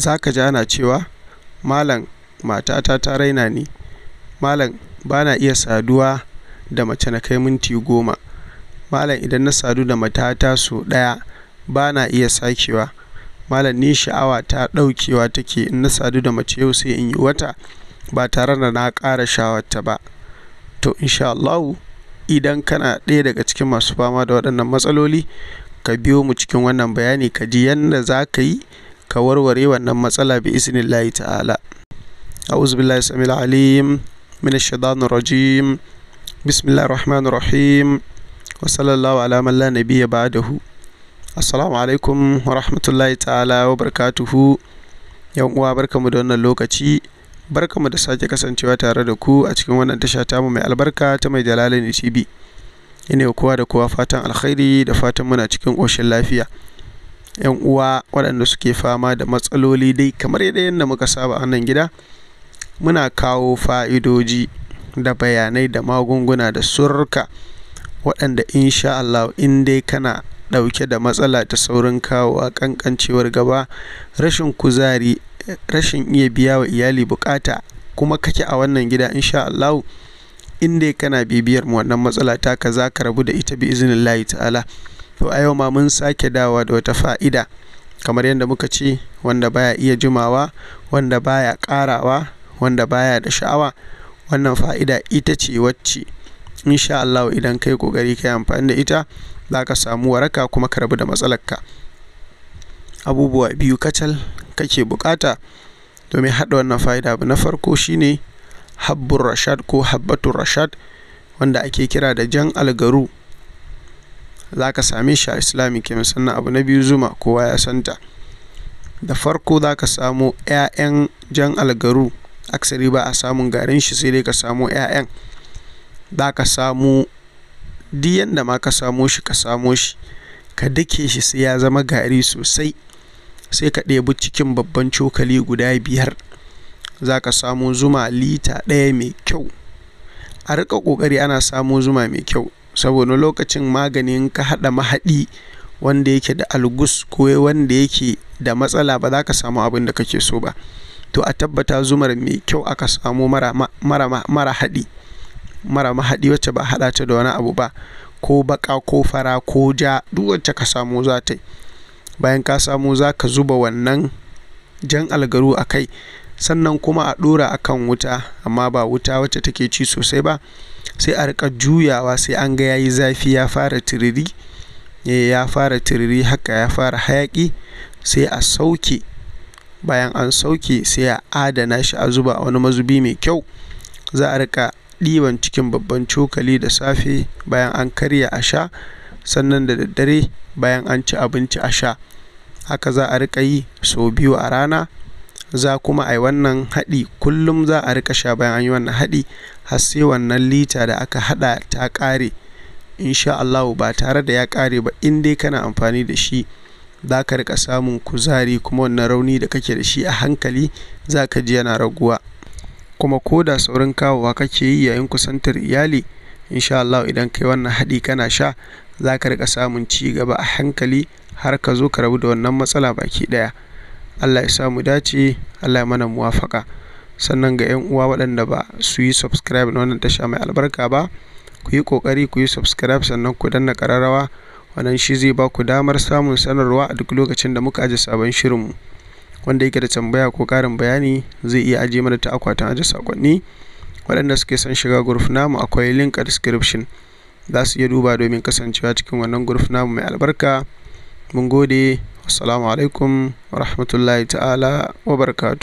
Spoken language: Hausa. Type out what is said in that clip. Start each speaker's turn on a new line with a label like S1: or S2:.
S1: za ka ji ana cewa malam matata ta raina ni malam ba na iya saduwa da mace na kai minti goma malam idan na sadu da matata so ɗaya ba na iya sakewa malam ni sha'awa ta ɗaukewa take in na sadu da mace yau sai in yi wata ba tare da na ƙara sha'awarta ba to insha Allahu idan kana ɗaya daga cikin masu fama da waɗannan matsaloli ka biyo mu cikin wannan bayani ka ji yadda za ka yi ka warware wannan matsala bi isnillahi ta'ala a'udhu billahi samil alim min ash rajim bismillahir rahmanir rahim wa sallallahu ala man la nabiyya ba'dahu assalamu alaikum wa rahmatullahi ta'ala wa barakatuhu yan uwa barkamu da wannan lokaci barkamu da sake kasancewa tare da ku a cikin wannan tasha ta mu mai albarka ta mai jalalin ne ci bi ina kowa da kowa fatan alkhairi da fatan muna cikin koshin lafiya 'yan uwa waɗanda suke fama da matsaloli dai kamar yadda muka saba a nan gida muna kawo fa'idoji da bayanai da magunguna da surruka waɗanda insha Allah in dai kana ɗauke da matsala ta saurin kawowa ƙanƙancewar gaba rashin kuzari rashin iya biya wa iyali bukata kuma kake a wannan gida insha Allah in dai kana bibiyar mu wannan matsala ta ka za ka rabu da ita bi izinin ta'ala to a yau ma mun sake dawa da wata fa'ida kamar yadda muka ce wanda baya iya jimawa wanda baya karawa wanda baya da sha'awa wannan fa'ida ita ce wacce insha Allah idan kai kokari kai amfani da ita za ka samu waraka kuma ka rabu da matsalarka abubuwa biyu kacal kake bukata domin haɗa wannan fa'ida abu na farko shine habbur rashad ko habbatur rashad wanda ake kira da jan algaru za ka same shi a islami ke sannan abu na biyu zuma kowa ya santa da farko za ka samo 'ya'yan jan algaru aksari ba a samun garin shi sai dai ka samo 'ya'yan za ka samo diyan da ma ka samo shi ka samo shi ka dake shi sai ya zama gari sosai sai ka ɗebi cikin babban cokali guda biyar za ka samo zuma lita ɗaya mai kyau a rika ƙoƙari ana samo zuma mai kyau saboda lokacin maganin ka hada mahaɗi wanda yake da algus ko wanda yake da matsala ba za ka samu abin da kake so ba to a tabbata zumar mai kyau aka samu mara mara mahaɗi wacce ba haɗa ta da wani abu ba ko baka ko fara ko ja duk wacce ka samu za ta yi bayan ka samu za ka zuba wannan jan algaru a kai sannan kuma a ɗora a kan wuta amma ba wuta wacce take ci sosai ba sai a riƙa juyawa sai an ga yayi zafi ya fara tiriri eh, ya fara tiriri haka ya fara hayaƙi sai a sauke bayan an sauke sai a adana shi a zuba wani mazubi mai kyau za a riƙa ɗiban cikin babban cokali da safe bayan an karya a sha sannan da daddare bayan an ci abinci a sha haka za a riƙa yi sau biyu a rana za kuma a yi wannan haɗi kullum za a rika sha bayan an yi wannan haɗi har sai wannan lita da aka haɗa ta ƙare insha Allah ba tare da ya ƙare ba in dai kana amfani da shi za ka riƙa samun kuzari kuma wannan rauni da kake da shi a hankali za ka ji yana raguwa kuma ko da saurin kawowa kake yi yayin kusantar iyali insha Allah idan kai wannan haɗi kana sha za ka riƙa samun ci gaba a hankali har ka zo ka rabu da wannan matsala baki ɗaya Allah ya samu mu dace Allah ya mana muwafaka sannan ga 'yan uwa waɗanda ba su yi subscribe na wannan tasha mai albarka ba ku yi ƙoƙari ku yi subscribe sannan ku danna ƙararrawa wannan shi zai ba ku damar samun sanarwa a duk lokacin da muka aje sabon shirinmu wanda yake da tambaya ko ƙarin bayani zai iya aje mana ta akwatin aje sakonni waɗanda suke son shiga group namu akwai link a description za su iya duba domin kasancewa cikin wannan group namu mai albarka mun gode Assalamu alaikum wa rahmatullahi ta'ala wa barakatu.